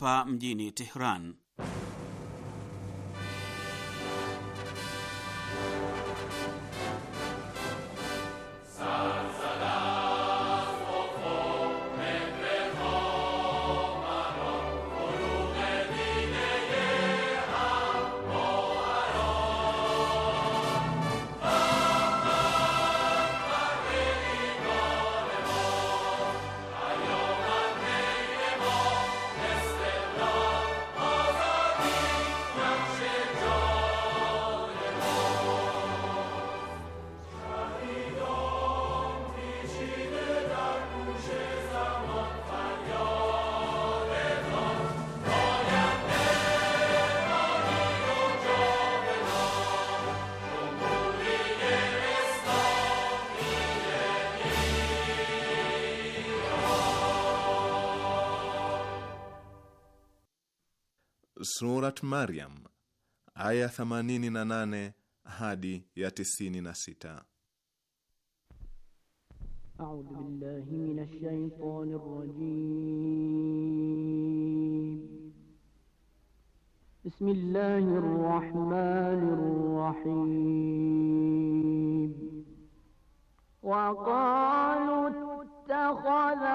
hapa mjini Tehran. Maryam aya 88 hadi ya 96. Bismillahir rahmanir rahim. Wa qalu ittakhadha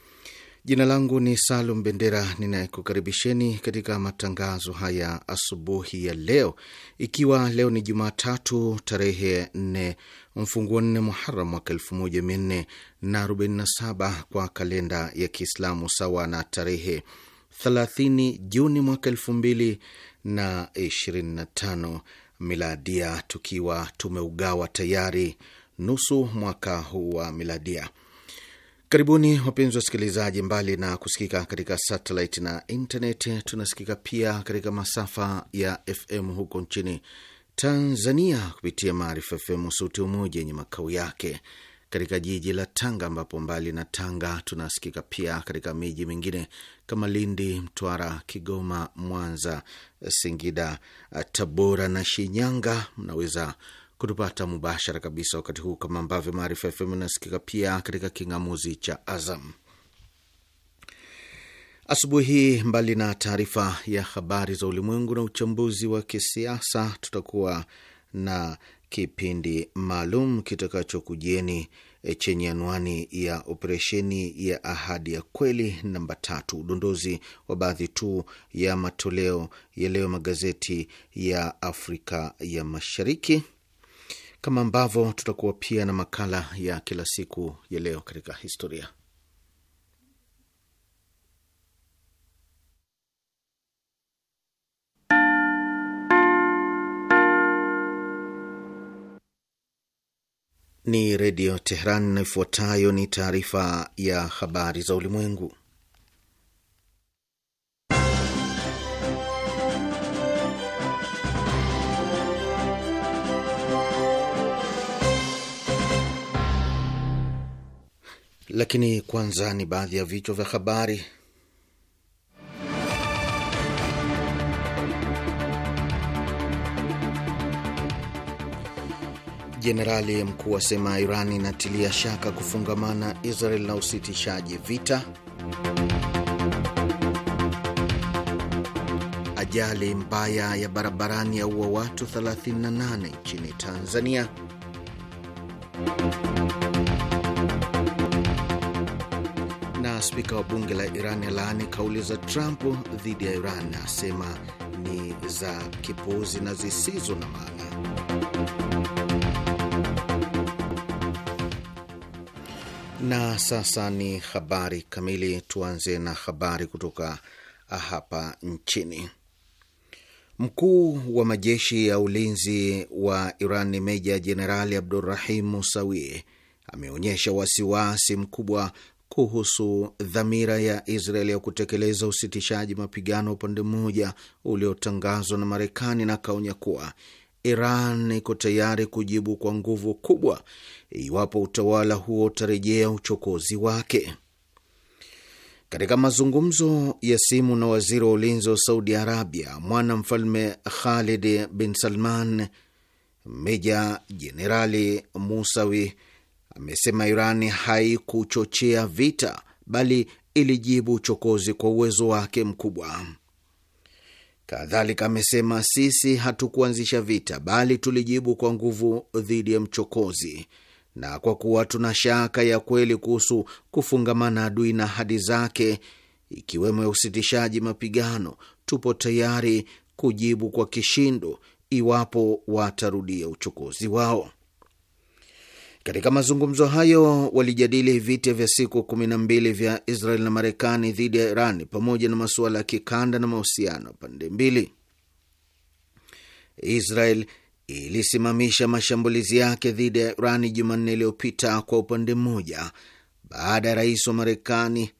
Jina langu ni Salum Bendera, ninayekukaribisheni katika matangazo haya asubuhi ya leo, ikiwa leo ni Jumatatu tarehe 4 mfunguo 4 Muharam mwaka 1447 kwa kalenda ya Kiislamu, sawa na tarehe 30 Juni mwaka 2025 miladia, tukiwa tumeugawa tayari nusu mwaka huu wa miladia. Karibuni wapenzi wasikilizaji, mbali na kusikika katika satellite na internet, tunasikika pia katika masafa ya FM huko nchini Tanzania kupitia Maarifa FM Sauti Umoja yenye makao yake katika jiji la Tanga, ambapo mbali na Tanga tunasikika pia katika miji mingine kama Lindi, Mtwara, Kigoma, Mwanza, Singida, Tabora na Shinyanga. Mnaweza kutupata mubashara kabisa wakati huu, kama ambavyo Maarifa FM inasikika pia katika king'amuzi cha Azam asubuhi hii. Mbali na taarifa ya habari za ulimwengu na uchambuzi wa kisiasa, tutakuwa na kipindi maalum kitakachokujieni eh, chenye anwani ya operesheni ya ahadi ya kweli namba tatu, udondozi wa baadhi tu ya matoleo ya leo magazeti ya Afrika ya Mashariki kama ambavyo tutakuwa pia na makala ya kila siku ya leo katika historia. Ni Redio teheran na ifuatayo ni taarifa ya habari za ulimwengu. lakini kwanza ni baadhi ya vichwa vya habari. Jenerali mkuu asema Iran inatilia shaka kufungamana Israel na usitishaji vita. Ajali mbaya ya barabarani yaua watu 38 nchini Tanzania. Spika wa bunge la Iran alaani kauli za Trump dhidi ya Iran, asema ni za kipuuzi na zisizo na maana. Na sasa ni habari kamili. Tuanze na habari kutoka hapa nchini. Mkuu wa majeshi ya ulinzi wa Iran Meja Jenerali abdurahim Musawi ameonyesha wasiwasi mkubwa kuhusu dhamira ya Israel ya kutekeleza usitishaji mapigano upande mmoja uliotangazwa na Marekani na akaonya kuwa Iran iko tayari kujibu kwa nguvu kubwa iwapo utawala huo utarejea uchokozi wake. Katika mazungumzo ya simu na waziri wa ulinzi wa Saudi Arabia, mwana mfalme Khalid bin Salman, meja jenerali Musawi amesema Iran haikuchochea vita bali ilijibu uchokozi kwa uwezo wake mkubwa. Kadhalika amesema sisi hatukuanzisha vita bali tulijibu kwa nguvu dhidi ya mchokozi, na kwa kuwa tuna shaka ya kweli kuhusu kufungamana adui na ahadi zake, ikiwemo ya usitishaji mapigano, tupo tayari kujibu kwa kishindo iwapo watarudia uchokozi wao. Katika mazungumzo hayo walijadili vita vya siku kumi na mbili vya Israel na Marekani dhidi ya Iran pamoja na masuala ya kikanda na mahusiano pande mbili. Israel ilisimamisha mashambulizi yake dhidi ya Iran Jumanne iliyopita kwa upande mmoja, baada ya rais wa Marekani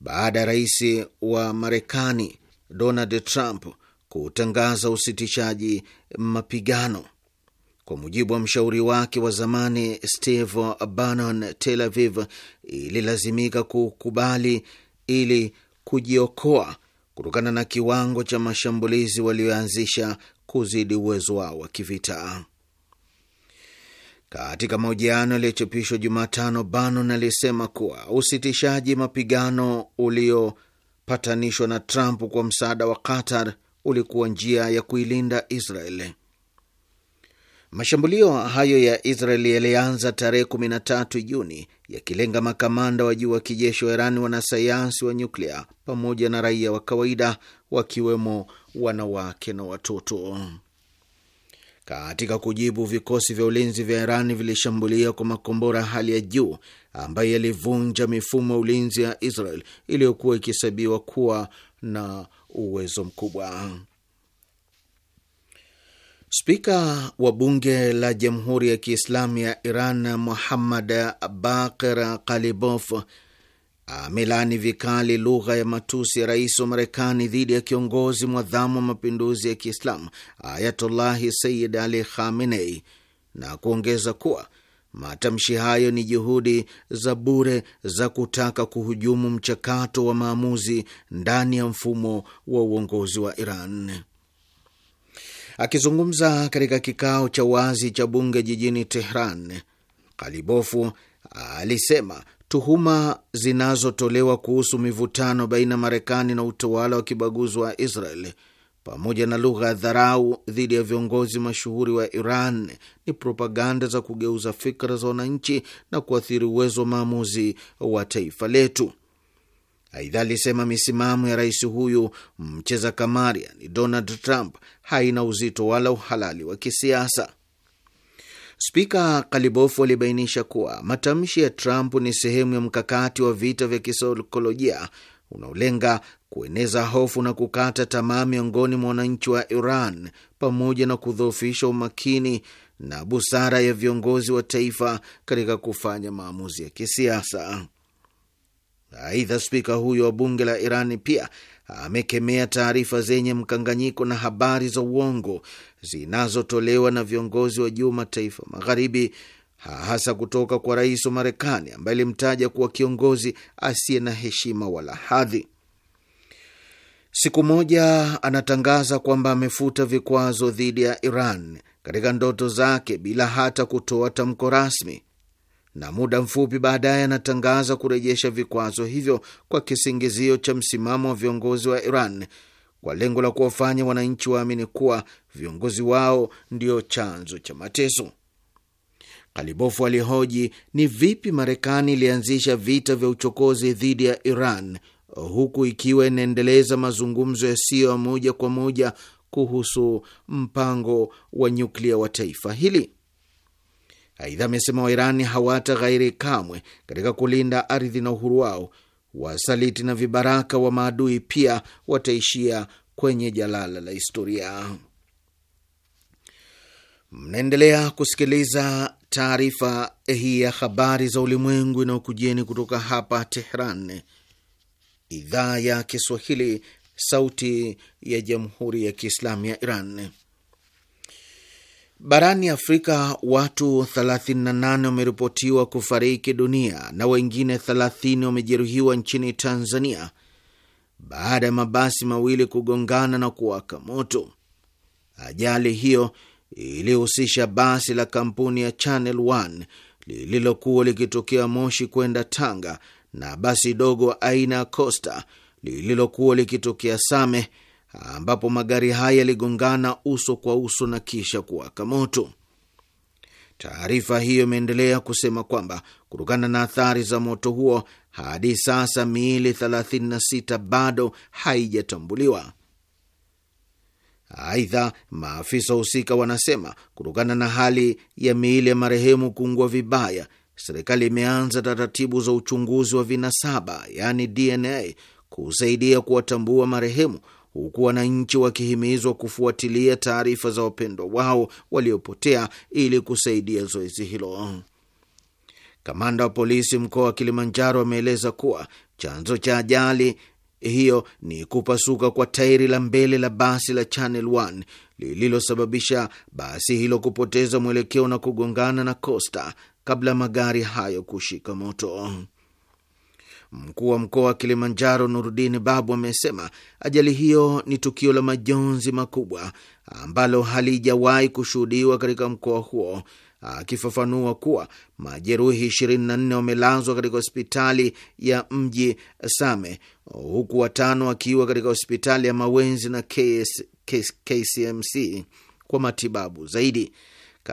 baada ya rais wa Marekani Donald Trump kutangaza usitishaji mapigano. Kwa mujibu wa mshauri wake wa zamani Steve Bannon, Tel Aviv ililazimika kukubali ili kujiokoa kutokana na kiwango cha mashambulizi walioanzisha kuzidi uwezo wao wa kivita. Katika mahojiano yaliyochapishwa Jumatano, Bannon alisema kuwa usitishaji mapigano uliopatanishwa na Trump kwa msaada wa Qatar ulikuwa njia ya kuilinda Israeli. Mashambulio hayo ya Israel yalianza tarehe 13 Juni yakilenga makamanda wa juu wa kijeshi wa Iran, wanasayansi wa nyuklia pamoja na raia wa kawaida wakiwemo wanawake na watoto. Katika kujibu, vikosi vya ulinzi vya Iran vilishambulia kwa makombora hali ya juu ambayo yalivunja mifumo ya ulinzi ya Israel iliyokuwa ikihesabiwa kuwa na uwezo mkubwa. Spika wa bunge la Jamhuri ya Kiislamu ya Iran Muhammad Bakir Kalibof amelaani vikali lugha ya matusi ya rais wa Marekani dhidi ya kiongozi mwadhamu wa mapinduzi ya Kiislamu Ayatullahi Sayid Ali Khamenei na kuongeza kuwa matamshi hayo ni juhudi za bure za kutaka kuhujumu mchakato wa maamuzi ndani ya mfumo wa uongozi wa Iran. Akizungumza katika kikao cha wazi cha bunge jijini Tehran, Kalibofu alisema tuhuma zinazotolewa kuhusu mivutano baina ya Marekani na utawala wa kibaguzi wa Israel pamoja na lugha ya dharau dhidi ya viongozi mashuhuri wa Iran ni propaganda za kugeuza fikra za wananchi na kuathiri uwezo wa maamuzi wa taifa letu. Aidha alisema misimamo ya rais huyu mcheza kamari, yani Donald Trump, haina uzito wala uhalali wa kisiasa. Spika Kalibofu alibainisha kuwa matamshi ya Trump ni sehemu ya mkakati wa vita vya kisaikolojia unaolenga kueneza hofu na kukata tamaa miongoni mwa wananchi wa Iran pamoja na kudhoofisha umakini na busara ya viongozi wa taifa katika kufanya maamuzi ya kisiasa. Aidha, spika huyo wa bunge la Irani pia amekemea taarifa zenye mkanganyiko na habari za uongo zinazotolewa na viongozi wa juu mataifa Magharibi, hasa kutoka kwa rais wa Marekani ambaye alimtaja kuwa kiongozi asiye na heshima wala hadhi. Siku moja anatangaza kwamba amefuta vikwazo dhidi ya Iran katika ndoto zake bila hata kutoa tamko rasmi na muda mfupi baadaye anatangaza kurejesha vikwazo hivyo kwa kisingizio cha msimamo wa viongozi wa Iran kwa lengo la kuwafanya wananchi waamini kuwa viongozi wao ndio chanzo cha mateso. Kalibofu alihoji ni vipi Marekani ilianzisha vita vya uchokozi dhidi ya Iran huku ikiwa inaendeleza mazungumzo yasiyo ya moja kwa moja kuhusu mpango wa nyuklia wa taifa hili. Aidha amesema Wairani hawata ghairi kamwe katika kulinda ardhi na uhuru wao. Wasaliti na vibaraka wa maadui pia wataishia kwenye jalala la historia. Mnaendelea kusikiliza taarifa hii ya habari za ulimwengu inayokujieni kutoka hapa Tehran, idhaa ya Kiswahili, sauti ya jamhuri ya kiislamu ya Iran. Barani Afrika watu 38 wameripotiwa kufariki dunia na wengine 30 wamejeruhiwa nchini Tanzania baada ya mabasi mawili kugongana na kuwaka moto. Ajali hiyo ilihusisha basi la kampuni ya Channel One lililokuwa likitokea Moshi kwenda Tanga na basi dogo aina ya Costa lililokuwa likitokea Same ambapo magari haya yaligongana uso kwa uso na kisha kuwaka moto. Taarifa hiyo imeendelea kusema kwamba kutokana na athari za moto huo hadi sasa miili 36 bado haijatambuliwa. Aidha, maafisa husika wanasema kutokana na hali ya miili ya marehemu kuungua vibaya, serikali imeanza taratibu za uchunguzi wa vinasaba, yaani DNA, kusaidia kuwatambua marehemu huku wananchi wakihimizwa kufuatilia taarifa za wapendwa wao waliopotea ili kusaidia zoezi hilo. Kamanda wa polisi mkoa wa Kilimanjaro ameeleza kuwa chanzo cha ajali hiyo ni kupasuka kwa tairi la mbele la basi la Channel One lililosababisha basi hilo kupoteza mwelekeo na kugongana na kosta kabla magari hayo kushika moto. Mkuu wa mkoa wa Kilimanjaro Nurudini Babu amesema ajali hiyo ni tukio la majonzi makubwa ambalo halijawahi kushuhudiwa katika mkoa huo, akifafanua kuwa majeruhi 24 wamelazwa katika hospitali ya mji Same, huku watano wakiwa katika hospitali ya Mawenzi na KS, KS, KCMC kwa matibabu zaidi.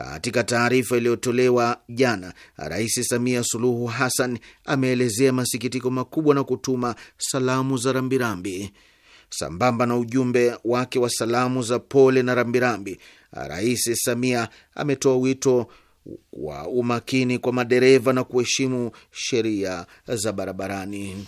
Katika taarifa iliyotolewa jana, Rais Samia Suluhu Hassan ameelezea masikitiko makubwa na kutuma salamu za rambirambi. Sambamba na ujumbe wake wa salamu za pole na rambirambi, Rais Samia ametoa wito wa umakini kwa madereva na kuheshimu sheria za barabarani.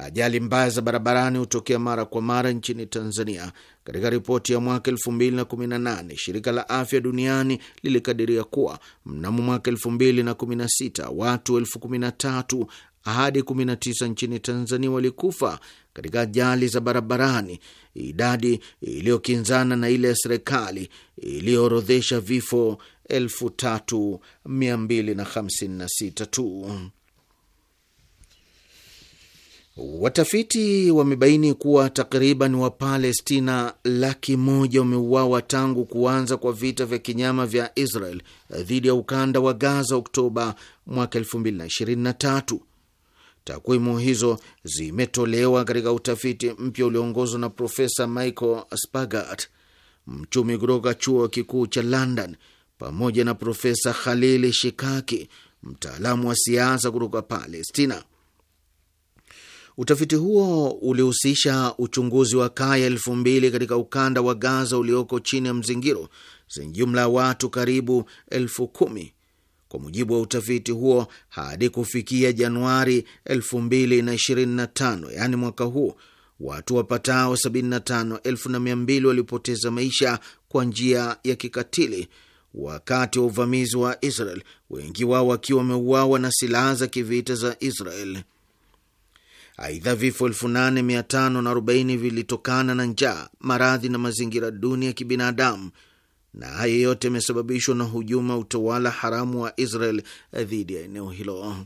Ajali mbaya za barabarani hutokea mara kwa mara nchini Tanzania katika ripoti ya mwaka 2018 shirika la afya duniani lilikadiria kuwa mnamo mwaka 2016 watu 13 hadi 19 nchini Tanzania walikufa katika ajali za barabarani, idadi iliyokinzana na ile ya serikali iliyoorodhesha vifo 3256 tu. Watafiti wamebaini kuwa takriban Wapalestina laki moja wameuawa tangu kuanza kwa vita vya kinyama vya Israel dhidi ya ukanda wa Gaza Oktoba mwaka 2023. Takwimu hizo zimetolewa katika utafiti mpya ulioongozwa na Profesa Michael Spagat, mchumi kutoka chuo kikuu cha London, pamoja na Profesa Khalil Shikaki, mtaalamu wa siasa kutoka Palestina. Utafiti huo ulihusisha uchunguzi wa kaya elfu mbili katika ukanda wa Gaza ulioko chini ya mzingiro zenye jumla ya watu karibu elfu kumi. Kwa mujibu wa utafiti huo, hadi kufikia Januari 2025 yaani mwaka huu, watu wapatao 75,200 walipoteza maisha kwa njia ya kikatili wakati wa uvamizi wa Israel, wengi wao wakiwa wameuawa na silaha za kivita za Israel. Aidha, vifo 8540 vilitokana na njaa, maradhi na mazingira duni ya kibinadamu, na haya yote yamesababishwa na hujuma utawala haramu wa Israel dhidi ya eneo hilo.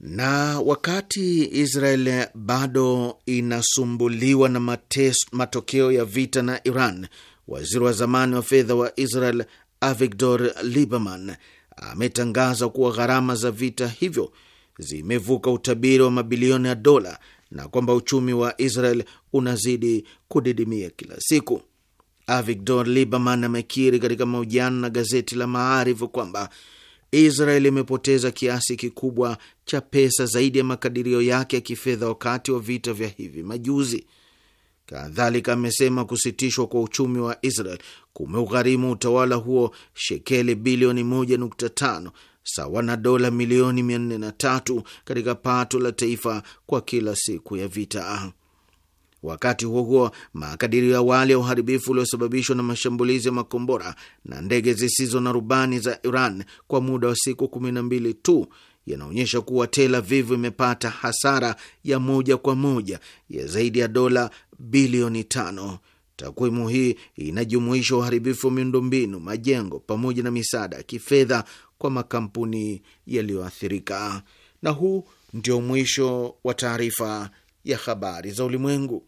Na wakati Israel bado inasumbuliwa na mates, matokeo ya vita na Iran, waziri wa zamani wa fedha wa Israel Avigdor Lieberman ametangaza kuwa gharama za vita hivyo zimevuka utabiri wa mabilioni ya dola na kwamba uchumi wa Israel unazidi kudidimia kila siku. Avigdor Lieberman amekiri katika mahojiano na gazeti la Maarifu kwamba Israel imepoteza kiasi kikubwa cha pesa zaidi ya makadirio yake ya kifedha wakati wa vita vya hivi majuzi. Kadhalika amesema kusitishwa kwa uchumi wa Israel kumeugharimu utawala huo shekeli bilioni 1.5 sawa na dola milioni 403 katika pato la taifa kwa kila siku ya vita. Wakati huo huo, makadirio ya awali ya uharibifu uliosababishwa na mashambulizi ya makombora na ndege zisizo na rubani za Iran kwa muda wa siku 12 tu yanaonyesha kuwa Tel Aviv imepata hasara ya moja kwa moja ya zaidi ya dola bilioni tano. Takwimu hii inajumuisha uharibifu wa miundombinu, majengo pamoja na misaada ya kifedha kwa makampuni yaliyoathirika. Na huu ndio mwisho wa taarifa ya habari za ulimwengu.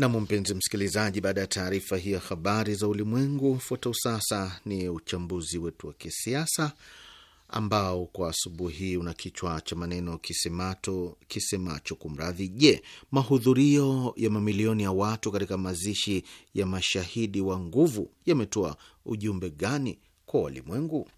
Nam, mpenzi msikilizaji, baada ya taarifa hii ya habari za ulimwengu, fuata sasa ni uchambuzi wetu wa kisiasa ambao kwa asubuhi hii una kichwa cha maneno kisemato kisemacho kumradhi, je, mahudhurio ya mamilioni ya watu katika mazishi ya mashahidi wa nguvu yametoa ujumbe gani kwa walimwengu?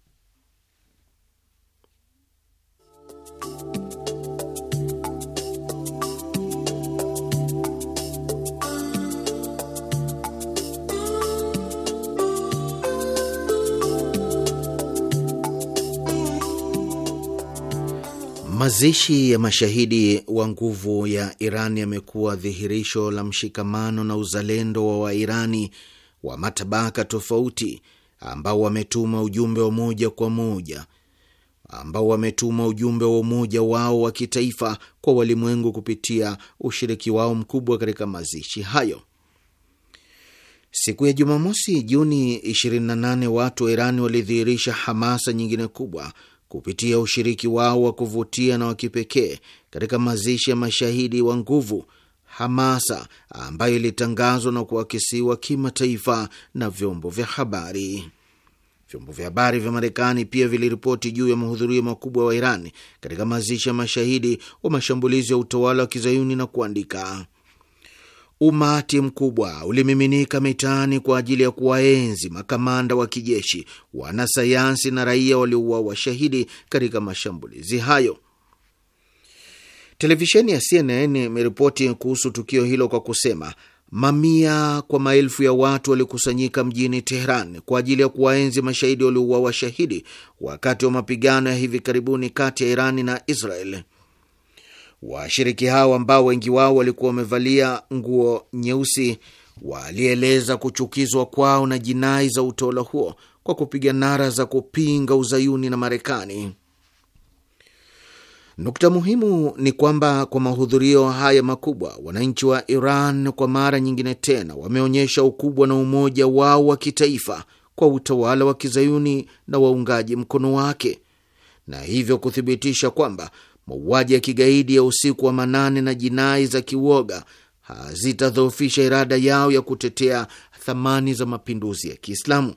Mazishi ya mashahidi wa nguvu ya Iran yamekuwa dhihirisho la mshikamano na uzalendo wa Wairani wa matabaka tofauti ambao wametuma ujumbe wa moja kwa moja ambao wametuma ujumbe wa umoja wao wa kitaifa kwa walimwengu kupitia ushiriki wao mkubwa katika mazishi hayo. Siku ya Jumamosi, Juni 28, watu wa Irani walidhihirisha hamasa nyingine kubwa kupitia ushiriki wao wa kuvutia na wa kipekee katika mazishi ya mashahidi wa nguvu, hamasa ambayo ilitangazwa na kuakisiwa kimataifa na vyombo vya habari. Vyombo vya habari vya Marekani pia viliripoti juu ya mahudhurio makubwa wa Iran katika mazishi ya mashahidi wa mashambulizi ya utawala wa kizayuni na kuandika Umati mkubwa ulimiminika mitaani kwa ajili ya kuwaenzi makamanda wa kijeshi, wanasayansi na raia waliouawa washahidi katika mashambulizi hayo. Televisheni ya CNN imeripoti kuhusu tukio hilo kwa kusema mamia kwa maelfu ya watu walikusanyika mjini Teheran kwa ajili ya kuwaenzi mashahidi waliouawa washahidi wakati wa mapigano ya hivi karibuni kati ya Irani na Israel. Washiriki hao ambao wengi wao walikuwa wamevalia nguo nyeusi walieleza kuchukizwa kwao na jinai za utawala huo kwa kupiga nara za kupinga uzayuni na Marekani. Nukta muhimu ni kwamba kwa mahudhurio haya makubwa, wananchi wa Iran kwa mara nyingine tena wameonyesha ukubwa na umoja wao wa kitaifa kwa utawala wa kizayuni na waungaji mkono wake, na hivyo kuthibitisha kwamba mauaji ya kigaidi ya usiku wa manane na jinai za kiwoga hazitadhoofisha irada yao ya kutetea thamani za mapinduzi ya Kiislamu.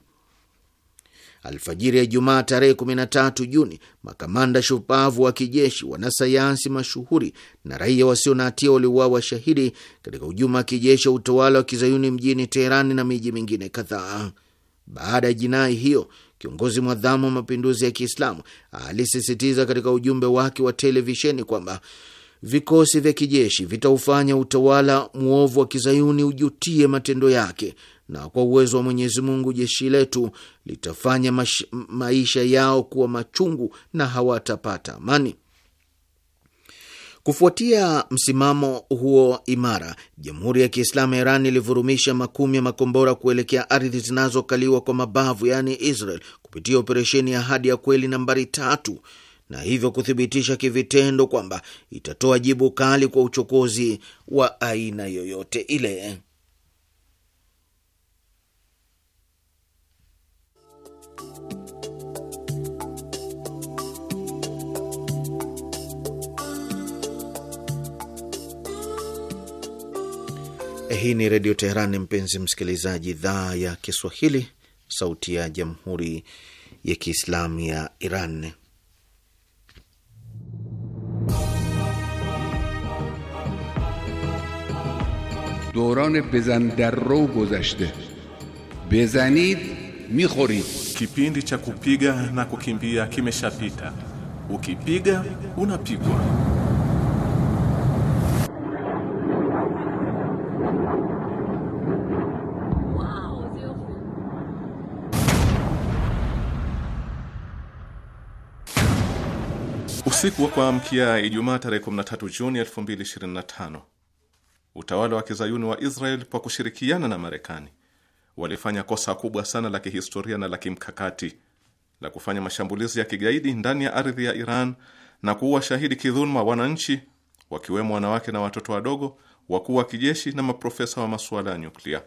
Alfajiri ya Ijumaa tarehe 13 Juni, makamanda shupavu wa kijeshi, wanasayansi mashuhuri na raia wasio na hatia waliuawa shahidi katika hujuma wa kijeshi ya utawala wa kizayuni mjini Teherani na miji mingine kadhaa. Baada ya jinai hiyo, kiongozi mwadhamu wa mapinduzi ya Kiislamu alisisitiza katika ujumbe wake wa televisheni kwamba vikosi vya kijeshi vitaufanya utawala mwovu wa kizayuni ujutie matendo yake, na kwa uwezo wa Mwenyezi Mungu jeshi letu litafanya maisha yao kuwa machungu na hawatapata amani. Kufuatia msimamo huo imara, Jamhuri ya Kiislamu ya Iran ilivurumisha makumi ya makombora kuelekea ardhi zinazokaliwa kwa mabavu, yaani Israel, kupitia operesheni ya Ahadi ya Kweli nambari tatu, na hivyo kuthibitisha kivitendo kwamba itatoa jibu kali kwa uchokozi wa aina yoyote ile. Hii ni Redio Teheran, mpenzi msikilizaji, idhaa ya Kiswahili, sauti ya Jamhuri ya Kiislamu ya Iran. dorane bezan darro gozashte bezanid mikhorid, kipindi cha kupiga na kukimbia kimeshapita, ukipiga unapigwa. Usiku wa kuamkia Ijumaa tarehe 13 Juni 2025 utawala wa kizayuni wa Israel kwa kushirikiana na Marekani walifanya kosa kubwa sana la kihistoria na la kimkakati la kufanya mashambulizi ya kigaidi ndani ya ardhi ya Iran na kuua shahidi kidhuluma wananchi wakiwemo wanawake na watoto wadogo, wakuu wa kijeshi na maprofesa wa masuala ya nyuklia.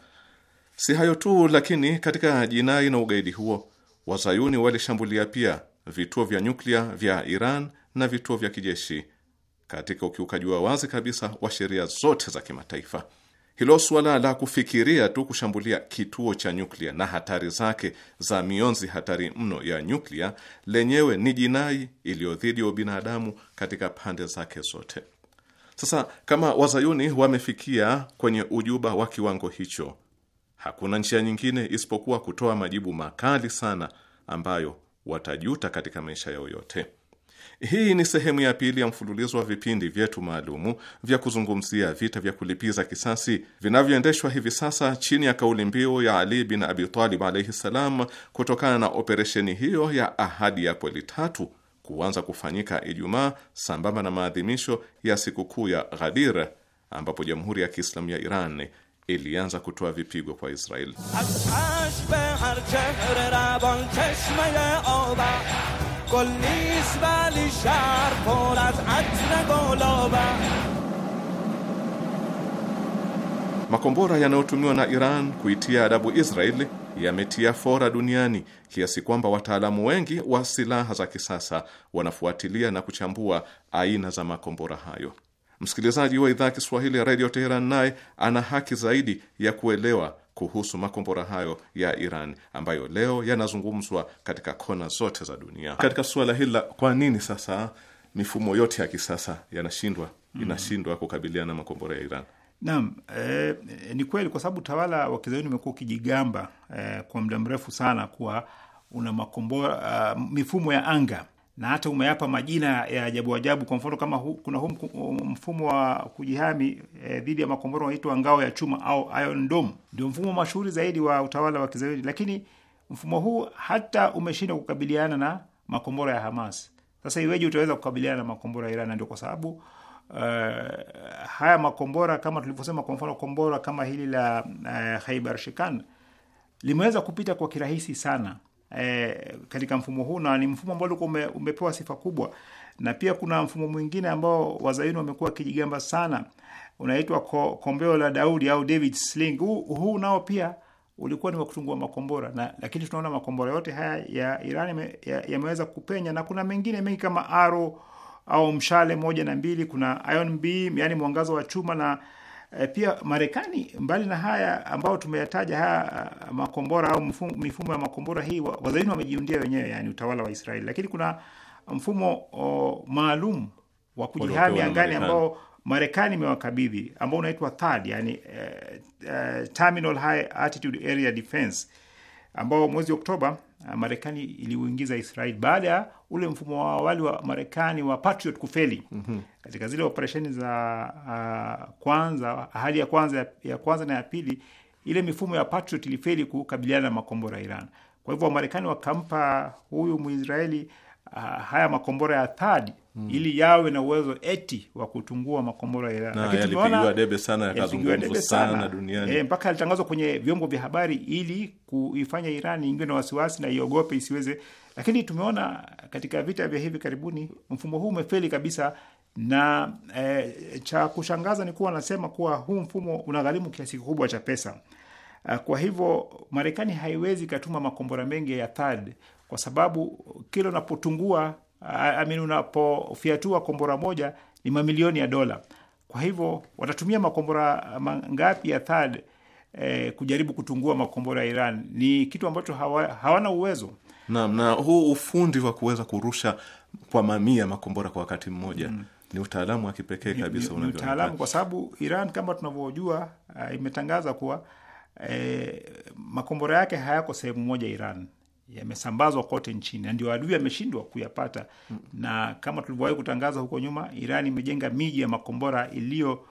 Si hayo tu, lakini katika jinai na ugaidi huo wazayuni walishambulia pia vituo vya nyuklia vya Iran na vituo vya kijeshi katika ukiukaji wa wazi kabisa wa sheria zote za kimataifa. Hilo suala la kufikiria tu kushambulia kituo cha nyuklia na hatari zake za mionzi hatari mno ya nyuklia lenyewe ni jinai iliyo dhidi ya ubinadamu katika pande zake zote. Sasa kama wazayuni wamefikia kwenye ujuba wa kiwango hicho, hakuna njia nyingine isipokuwa kutoa majibu makali sana ambayo watajuta katika maisha yao yote. Hii ni sehemu ya pili ya mfululizo wa vipindi vyetu maalumu vya kuzungumzia vita vya kulipiza kisasi vinavyoendeshwa hivi sasa chini ya kauli mbiu ya Ali bin Abi Talib alaihi ssalam, kutokana na operesheni hiyo ya Ahadi ya Kweli tatu kuanza kufanyika Ijumaa sambamba na maadhimisho ya sikukuu ya Ghadir ambapo Jamhuri ya Kiislamu ya Iran ilianza kutoa vipigo kwa Israeli. گل نیست ولی شهر پر از عطر گلابه Makombora yanayotumiwa na Iran kuitia adabu Israeli yametia fora duniani kiasi kwamba wataalamu wengi wa silaha za kisasa wanafuatilia na kuchambua aina za makombora hayo. Msikilizaji wa idhaa ya Kiswahili ya redio Teheran naye ana haki zaidi ya kuelewa kuhusu makombora hayo ya Iran ambayo leo yanazungumzwa katika kona zote za dunia. Katika suala hili la kwa nini sasa mifumo yote ya kisasa yanashindwa mm-hmm. inashindwa kukabiliana na makombora ya Iran? Naam, eh, ni kweli kwa sababu utawala wa kizayuni umekuwa ukijigamba eh, kwa muda mrefu sana kuwa una makombora uh, mifumo ya anga na hata umeyapa majina ya ajabu ajabu. Kwa mfano kama hu, kuna hu, um, mfumo wa kujihami eh, dhidi e, ya makombora unaitwa ngao ya chuma au Iron Dome, ndio mfumo mashuhuri zaidi wa utawala wa Kizayuni, lakini mfumo huu hata umeshindwa kukabiliana na makombora ya Hamas. Sasa iweje utaweza kukabiliana na makombora ya Iran? Ndio kwa sababu Uh, haya makombora kama tulivyosema, kwa mfano kombora kama hili la uh, eh, Khaibar Shikan limeweza kupita kwa kirahisi sana eh, katika mfumo huu na ni mfumo ambao ulikuwa ume, umepewa sifa kubwa. Na pia kuna mfumo mwingine ambao wazayuni wamekuwa wakijigamba sana, unaitwa ko, kombeo la Daudi au David Sling. Huu, nao pia ulikuwa ni wa kutungua makombora na, lakini tunaona makombora yote haya ya Iran yameweza ya kupenya, na kuna mengine mengi kama aro au mshale moja na mbili, kuna ion beam, yani mwangazo wa chuma na Eh, pia Marekani, mbali na haya ambao tumeyataja haya eh, makombora au mifumo ya makombora hii, wazaini wamejiundia wenyewe, yani utawala wa Israeli, lakini kuna mfumo maalum wa kujihami angani ambao Marekani imewakabidhi ambao unaitwa THAD, yani uh, uh, Terminal High Altitude Area Defense ambao mwezi Oktoba Marekani iliuingiza Israeli baada ya ule mfumo wa awali wa Marekani wa Patriot kufeli mm -hmm. katika zile operesheni za uh, kwanza ahadi ya kwanza ya kwanza na ya pili, ile mifumo ya Patriot ilifeli kukabiliana na makombora ya Iran. Kwa hivyo Wamarekani wakampa huyu Mwisraeli uh, haya makombora ya thadi mm. ili yawe na uwezo eti wa kutungua makombora ya Iran, lakini tumeona debe sana yakazungumzwa sana duniani e, mpaka alitangazwa kwenye vyombo vya habari ili kuifanya Iran ingiwe na wasiwasi na iogope isiweze lakini tumeona katika vita vya hivi karibuni mfumo huu umefeli kabisa, na e, cha kushangaza ni kuwa anasema kuwa huu mfumo unagharimu kiasi kikubwa cha pesa. Ah, kwa hivyo Marekani haiwezi ikatuma makombora mengi ya THAAD kwa sababu kila unapotungua amini, ah, unapofiatua kombora moja ni mamilioni ya dola. Kwa hivyo watatumia makombora ah, mangapi ya THAAD eh, kujaribu kutungua makombora ya Iran? Ni kitu ambacho hawa, hawana uwezo. Naam, na huu ufundi wa kuweza kurusha kwa mamia makombora kwa wakati mmoja mm. ni utaalamu wa kipekee kabisa utaalamu, kwa sababu Iran kama tunavyojua uh, imetangaza kuwa eh, makombora yake hayako sehemu moja Iran yamesambazwa kote nchini na ndio adui ameshindwa kuyapata. mm. na kama tulivyowahi kutangaza huko nyuma, Iran imejenga miji ya makombora iliyo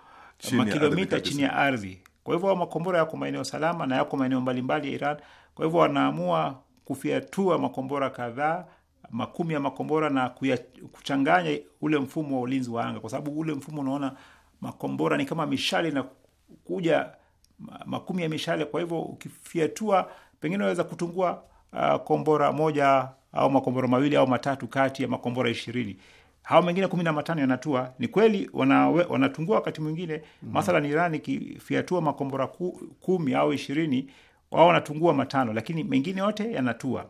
eh, makilomita chini ya ardhi. Kwa hivyo makombora yako maeneo salama na yako maeneo mbalimbali ya Iran. Kwa hivyo wanaamua kufiatua makombora kadhaa makumi ya makombora na kuya, kuchanganya ule mfumo wa ulinzi wa anga, kwa sababu ule mfumo unaona makombora ni kama mishale na kuja makumi ya mishale. Kwa hivyo ukifiatua, pengine unaweza kutungua uh, kombora moja au makombora mawili au matatu kati ya makombora ishirini. Hao mengine kumi na matano yanatua. Ni kweli wanawe, wanatungua wakati mwingine mm -hmm. Mathalan Iran ikifiatua makombora ku, kumi au ishirini wao wanatungua matano, lakini mengine yote yanatua.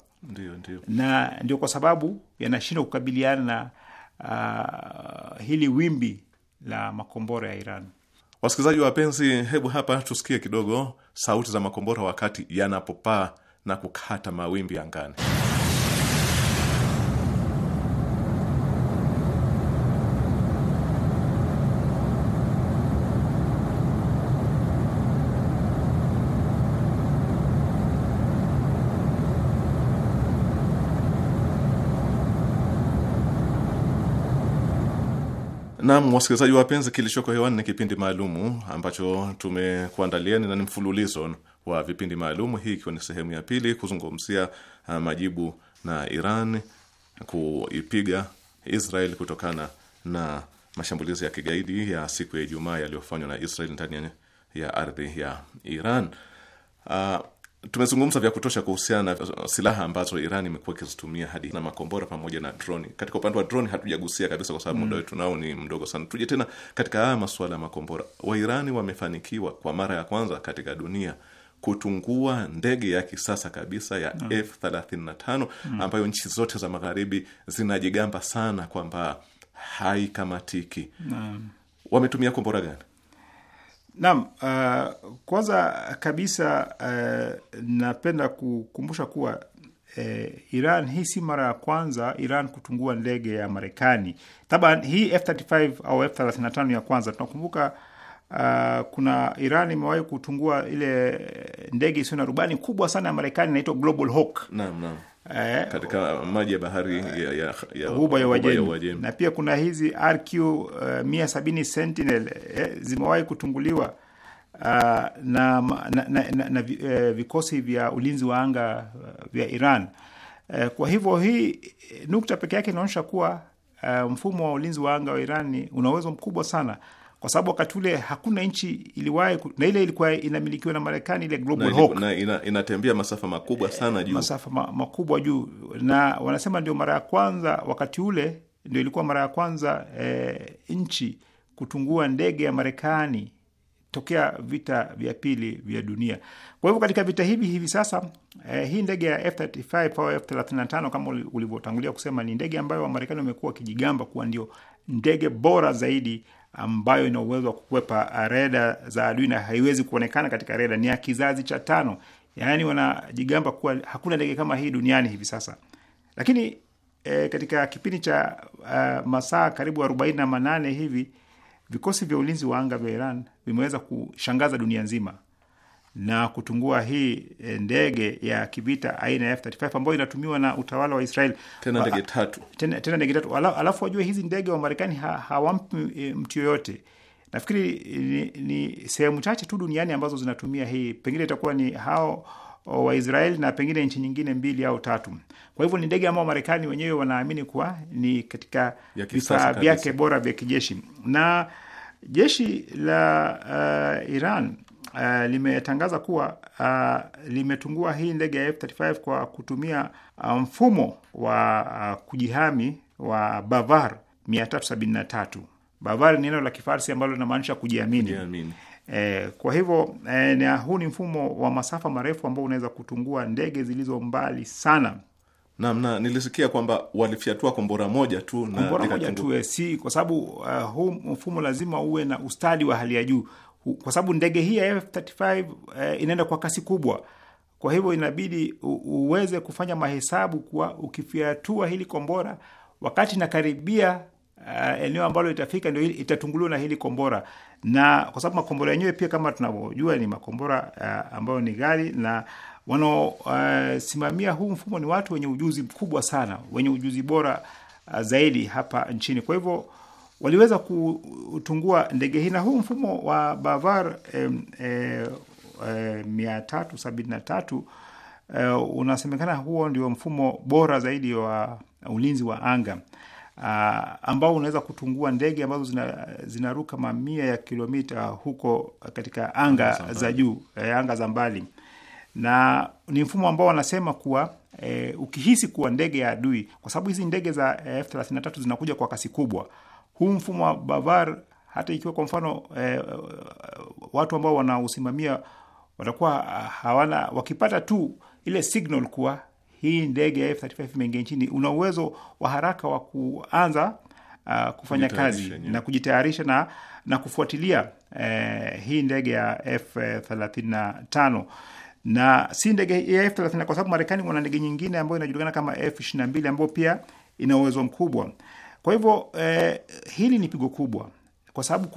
Na ndio kwa sababu yanashindwa kukabiliana na uh, hili wimbi la makombora ya Iran. Wasikilizaji wapenzi, hebu hapa tusikie kidogo sauti za makombora wakati yanapopaa na kukata mawimbi angani. Naam, wasikilizaji wapenzi, kilichoko hewani ni kipindi maalumu ambacho tumekuandaliani na ni mfululizo wa vipindi maalumu, hii ikiwa ni sehemu ya pili kuzungumzia ah, majibu na Iran kuipiga Israel kutokana na mashambulizi ya kigaidi ya siku ya Ijumaa yaliyofanywa na Israel ndani ya ardhi ya Iran. Ah, Tumezungumza vya kutosha kuhusiana na silaha ambazo Iran imekuwa ikizitumia hadi na makombora pamoja na droni. Katika upande wa droni hatujagusia kabisa kwa sababu mm, muda wetu nao ni mdogo sana. Tuje tena katika haya masuala ya makombora. Wairani wamefanikiwa kwa mara ya kwanza katika dunia kutungua ndege ya kisasa kabisa ya mm, F35 mm. ambayo nchi zote za magharibi zinajigamba sana kwamba haikamatiki. Mm, wametumia kombora gani? Naam, uh, kwanza kabisa uh, napenda kukumbusha kuwa uh, Iran hii si mara ya kwanza Iran kutungua ndege ya Marekani. Taba hii F35 au F35 ya kwanza tunakumbuka, uh, kuna Iran imewahi kutungua ile ndege isiyo na rubani kubwa sana ya Marekani inaitwa Global Hawk. Naam, naam eh, katika maji ya bahari eh, ya, ya, ya, huba ya Uajemi. Na pia kuna hizi RQ uh, 170 Sentinel eh, zimewahi kutunguliwa uh, na, na, na, na, na eh, vikosi vya ulinzi wa anga uh, vya Iran uh, kwa hivyo hii nukta peke yake inaonyesha kuwa uh, mfumo wa ulinzi wa anga wa Iran una uwezo mkubwa sana kwa sababu wakati ule hakuna nchi iliwahi na ile ilikuwa inamilikiwa na Marekani, ile Global Hawk na ina, inatembea masafa makubwa eh, sana juu, masafa ma, makubwa juu, na wanasema ndio mara ya kwanza wakati ule ndio ilikuwa mara ya kwanza e, nchi kutungua ndege ya Marekani tokea vita vya pili vya dunia. Kwa hivyo katika vita hivi hivi sasa eh, hii ndege ya F35 au F35 kama ulivyotangulia kusema ni ndege ambayo Wamarekani wamekuwa wakijigamba kuwa ndio ndege bora zaidi ambayo ina uwezo wa kukwepa uh, reda za adui na haiwezi kuonekana katika reda ni ya kizazi cha tano. Yaani wanajigamba kuwa hakuna ndege kama hii duniani hivi sasa, lakini e, katika kipindi cha uh, masaa karibu arobaini na manane hivi vikosi vya ulinzi wa anga vya Iran vimeweza kushangaza dunia nzima na kutungua hii eh, ndege ya kivita aina ya F35 ambayo inatumiwa na utawala wa Israel, tena ndege tatu, tena, tena ndege tatu. Ala, alafu wajue hizi ndege wa Marekani hawampi eh, mtu yoyote. Nafikiri eh, ni, ni sehemu chache tu duniani ambazo zinatumia hii, pengine itakuwa ni hao oh, waisrael na pengine nchi nyingine mbili au tatu. Kwa hivyo ni ndege ambao Marekani wenyewe wanaamini kuwa ni katika vifaa vyake bora vya kijeshi na Jeshi la uh, Iran uh, limetangaza kuwa uh, limetungua hii ndege ya F35 kwa kutumia uh, mfumo wa uh, kujihami wa Bavar 373. Bavar ni neno la Kifarsi ambalo linamaanisha kujiamini, kujiamini. Eh, kwa hivyo eh, huu ni mfumo wa masafa marefu ambao unaweza kutungua ndege zilizo mbali sana. Naam, na nilisikia kwamba walifyatua kombora moja tu na kombora moja tu, eh, si kwa sababu uh, huu mfumo lazima uwe na ustadi wa hali ya juu, kwa sababu ndege hii ya F35 uh, eh, inaenda kwa kasi kubwa. Kwa hivyo inabidi uweze kufanya mahesabu kuwa ukifyatua hili kombora wakati inakaribia uh, eneo ambalo itafika ndio itatunguliwa na hili kombora, na kwa sababu makombora yenyewe pia kama tunavyojua ni makombora uh, ambayo ni ghali na wanaosimamia eh, uh, huu mfumo ni watu wenye ujuzi mkubwa sana, wenye ujuzi bora uh, zaidi hapa nchini. Kwa hivyo waliweza kutungua ndege hii na huu mfumo wa Bavar eh, eh, eh, mia tatu sabini na tatu eh, unasemekana huo ndio mfumo bora zaidi wa ulinzi wa anga Uh, ambao unaweza kutungua ndege ambazo zina, zinaruka mamia ya kilomita huko katika anga za juu, eh, anga za mbali na ni mfumo ambao wanasema kuwa e, ukihisi kuwa ndege ya adui, kwa sababu hizi ndege za eh, F33 zinakuja kwa kasi kubwa, huu mfumo wa Bavar hata ikiwa kwa mfano e, watu ambao wanausimamia watakuwa ah, hawana, wakipata tu ile signal kuwa hii ndege ya F35 imeingia nchini, una uwezo wa haraka wa kuanza uh, kufanya kazi yeah, na kujitayarisha na, na kufuatilia uh, hii ndege ya F35 na si ndege ya f 35 kwa sababu Marekani wana ndege nyingine ambayo inajulikana kama F22 ambayo pia ina uwezo mkubwa. Kwa hivyo eh, hili ni pigo kubwa kwa sababu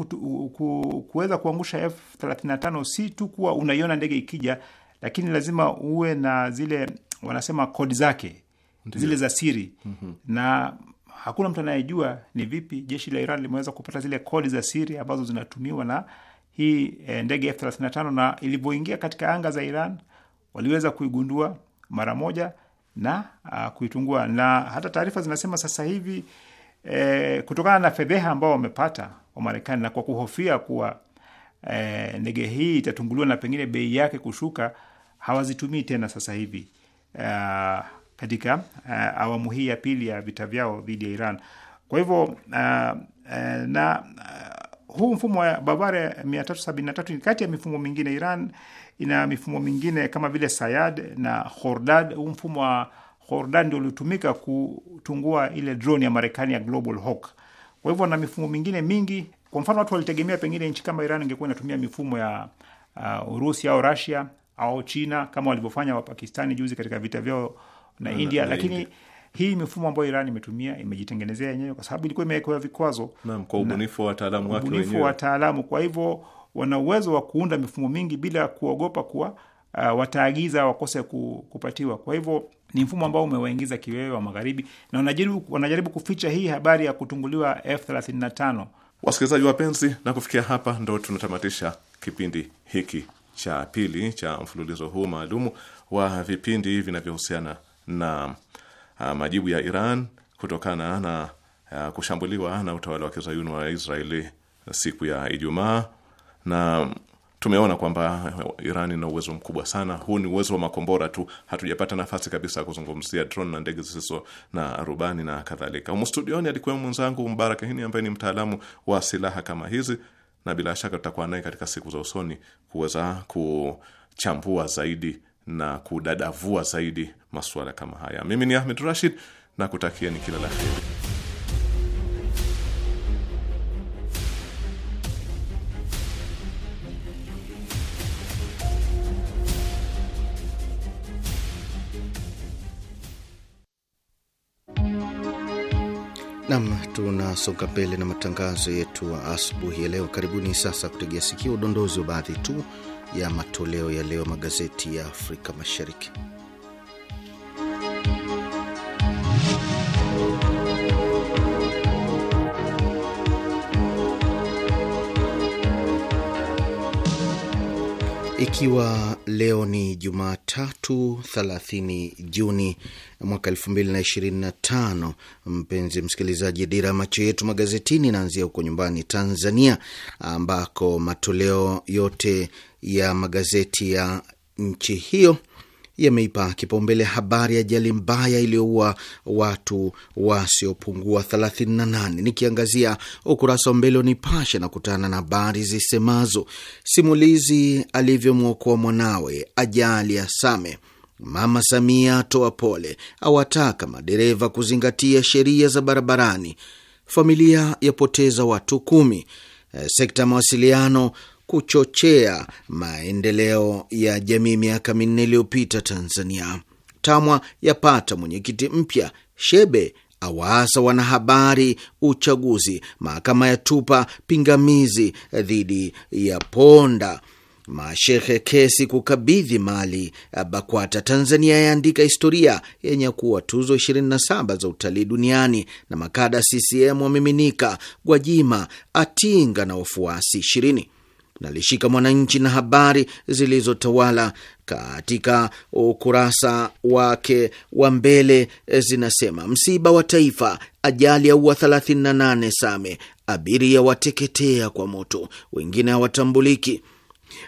kuweza kuangusha F35 si tu kuwa unaiona ndege ikija, lakini lazima uwe na zile wanasema kodi zake Ndiyo. zile za siri mm -hmm. na hakuna mtu anayejua ni vipi jeshi la Iran limeweza kupata zile kodi za siri ambazo zinatumiwa na hii e, ndege F35 na ilivyoingia katika anga za Iran waliweza kuigundua mara moja na a, ah, kuitungua. Na hata taarifa zinasema sasa hivi e, kutokana na fedheha ambao wamepata wa Marekani na kwa kuhofia kuwa e, ndege hii itatunguliwa na pengine bei yake kushuka, hawazitumii tena sasa hivi a, ah, katika a, ah, awamu hii ya pili ya vita vyao dhidi ya Iran. Kwa hivyo na a, huu mfumo wa Bavaria 373 ni kati ya mifumo mingine. Iran ina mifumo mingine kama vile Sayad na Khordad. Huu mfumo wa Khordad ndio uliotumika kutungua ile droni ya Marekani ya Global Hawk. Kwa hivyo na mifumo mingine mingi. Kwa mfano, watu walitegemea pengine nchi kama Iran ingekuwa inatumia mifumo ya uh, Urusi au Russia au China kama walivyofanya Wapakistani juzi katika vita vyao na India, lakini India. Hii mifumo ambayo Iran imetumia imejitengenezea yenyewe, kwa sababu ilikuwa imewekewa vikwazo na kwa ubunifu wa wataalamu wake wenyewe, ubunifu wa wataalamu. Kwa hivyo wana uwezo wa kuunda mifumo mingi bila kuogopa kuwa uh, wataagiza wakose ku, kupatiwa. Kwa hivyo ni mfumo ambao umewaingiza kiwewe wa Magharibi na wanajaribu, wanajaribu kuficha hii habari ya kutunguliwa F35. Wasikilizaji wapenzi, na kufikia hapa ndo tunatamatisha kipindi hiki cha pili cha mfululizo huu maalumu wa vipindi vinavyohusiana na Ah, majibu ya Iran kutokana na uh, kushambuliwa na utawala wa kizayuni wa Israeli siku ya Ijumaa, na tumeona kwamba Iran ina uwezo mkubwa sana. Huu ni uwezo wa makombora tu, hatujapata nafasi kabisa ya kuzungumzia drone na ndege zisizo na rubani na kadhalika. Humu studioni alikuwemo mwenzangu Mbaraka Hini ambaye ni mtaalamu wa silaha kama hizi, na bila shaka tutakuwa naye katika siku za usoni kuweza kuchambua zaidi na kudadavua zaidi masuala kama haya. Mimi ni Ahmed Rashid na kutakieni kila la heri. Nam, tunasonga mbele na matangazo yetu asubuhi ya leo. Karibuni sasa kutegea sikio udondozi wa baadhi tu ya matoleo ya leo magazeti ya Afrika Mashariki. Ikiwa leo ni Jumatatu 30 Juni mwaka 2025, mpenzi msikilizaji, dira ya macho yetu magazetini inaanzia huko nyumbani Tanzania, ambako matoleo yote ya magazeti ya nchi hiyo yameipa kipaumbele habari ya ajali mbaya iliyoua watu wasiopungua 38. Nikiangazia ukurasa wa mbele wa Nipashe na kutana na habari zisemazo simulizi alivyomwokoa mwanawe ajali ya Same, Mama Samia atoa pole, awataka madereva kuzingatia sheria za barabarani, familia yapoteza watu kumi, eh, sekta ya mawasiliano kuchochea maendeleo ya jamii miaka minne iliyopita Tanzania. TAMWA yapata mwenyekiti mpya. Shebe awaasa wanahabari uchaguzi. Mahakama yatupa pingamizi dhidi ya Ponda. Mashehe kesi kukabidhi mali BAKWATA. Tanzania yaandika historia yenye kuwa tuzo 27 za utalii duniani. Na makada CCM wamiminika. Gwajima atinga na wafuasi ishirini nalishika Mwananchi na habari zilizotawala katika ukurasa wake wa mbele eh, zinasema: msiba wa taifa, ajali ya ua 38 Same, abiria wateketea kwa moto, wengine hawatambuliki.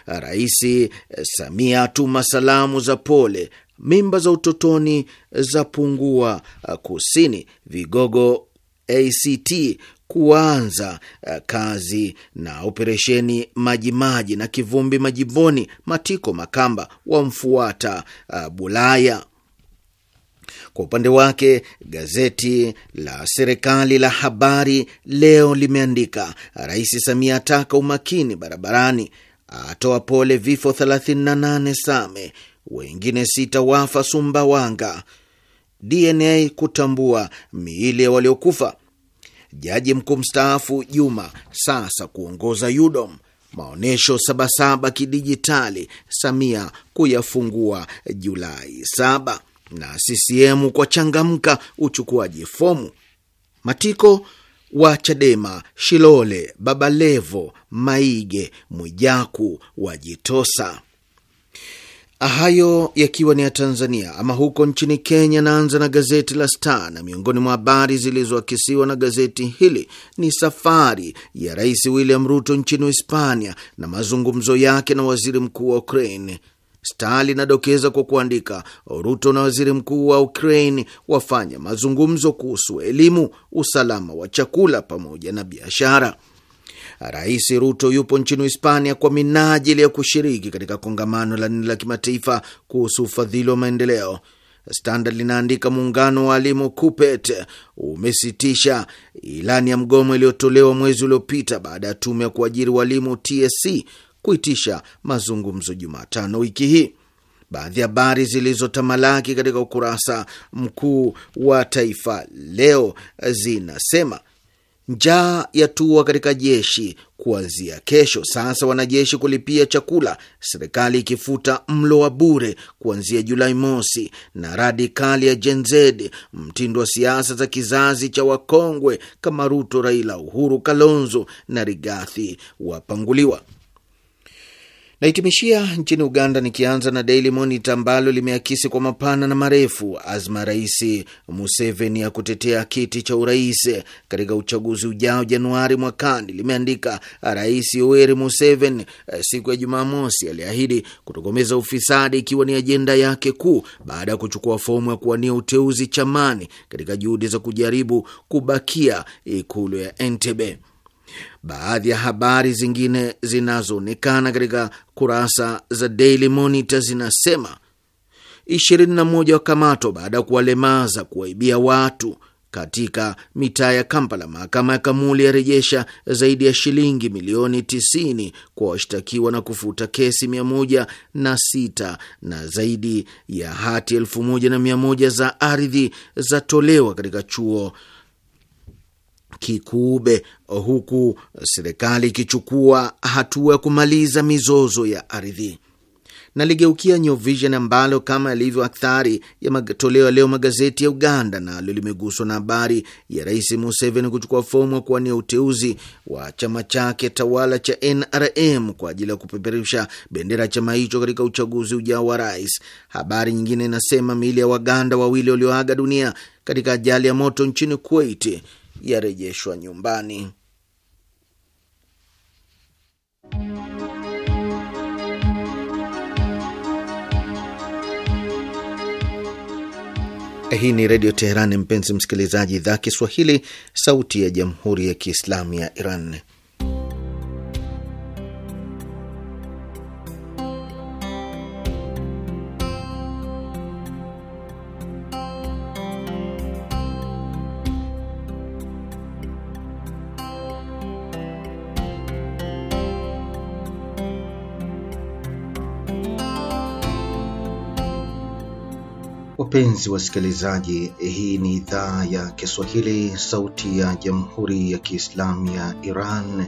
Rais eh, Samia atuma salamu za pole. Mimba za utotoni za pungua eh, kusini. Vigogo ACT kuanza eh, kazi na operesheni Majimaji na Kivumbi Majimboni. Matiko Makamba wamfuata eh, Bulaya. Kwa upande wake gazeti la serikali la Habari Leo limeandika Rais Samia ataka umakini barabarani, atoa pole vifo 38 Same, wengine sita wafa Sumbawanga, DNA kutambua miili ya waliokufa jaji mkuu mstaafu Juma sasa kuongoza Yudom. Maonyesho Sabasaba kidijitali, Samia kuyafungua Julai saba, na CCM kwa changamka uchukuaji fomu. Matiko wa Chadema, Shilole, Babalevo, Maige, Mwijaku wajitosa Hayo yakiwa ni ya Tanzania. Ama huko nchini Kenya, naanza na gazeti la Star na miongoni mwa habari zilizoakisiwa na gazeti hili ni safari ya Rais William Ruto nchini Hispania na mazungumzo yake na waziri mkuu wa Ukraine. Star linadokeza kwa kuandika, Ruto na waziri mkuu wa Ukraine wafanya mazungumzo kuhusu elimu, usalama wa chakula pamoja na biashara. Rais Ruto yupo nchini Hispania kwa minajili ya kushiriki katika kongamano la nne la kimataifa kuhusu ufadhili wa maendeleo. Standard linaandika muungano wa walimu KUPPET umesitisha ilani ya mgomo iliyotolewa mwezi uliopita baada ya tume ya kuajiri walimu TSC kuitisha mazungumzo Jumatano wiki hii. Baadhi ya habari zilizotamalaki katika ukurasa mkuu wa Taifa Leo zinasema Njaa yatua katika jeshi kuanzia kesho. Sasa wanajeshi kulipia chakula, serikali ikifuta mlo wa bure kuanzia Julai mosi. Na radikali ya Jenzed, mtindo wa siasa za kizazi cha wakongwe kama Ruto, Raila, Uhuru, Kalonzo na Rigathi wapanguliwa. Naitimishia nchini Uganda, nikianza na Daily Monitor ambalo limeakisi kwa mapana na marefu azma Rais Museveni ya kutetea kiti cha urais katika uchaguzi ujao Januari mwakani. Limeandika, Rais Yoweri Museveni eh, siku ya Jumamosi aliahidi kutokomeza ufisadi ikiwa ni ajenda yake kuu baada ya kuchukua fomu ya kuwania uteuzi chamani katika juhudi za kujaribu kubakia ikulu ya Entebbe. Baadhi ya habari zingine zinazoonekana katika kurasa za Daily Monitor zinasema 21 wakamatwa baada ya kuwalemaza kuwaibia watu katika mitaa ya Kampala. Mahakama ya Kamuli yarejesha zaidi ya shilingi milioni 90 kwa washtakiwa na kufuta kesi 106 na zaidi ya hati 1100 za ardhi zatolewa katika chuo kikube, huku serikali ikichukua hatua ya kumaliza mizozo ya ardhi. Naligeukia New Vision ambalo kama yalivyo akthari ya matoleo ya leo magazeti ya Uganda, nalo limeguswa na habari ya Rais Museveni kuchukua fomu ya kuwania uteuzi wa chama chake tawala cha NRM kwa ajili ya kupeperusha bendera ya chama hicho katika uchaguzi ujao wa rais. Habari nyingine inasema miili ya Waganda wawili walioaga dunia katika ajali ya moto nchini Kuwaiti yarejeshwa nyumbani. Hii ni Redio Teherani, mpenzi msikilizaji, idhaa Kiswahili, sauti ya Jamhuri ya Kiislamu ya Iran. Wapenzi wasikilizaji, hii ni idhaa ya Kiswahili sauti ya Jamhuri ya Kiislamu ya Iran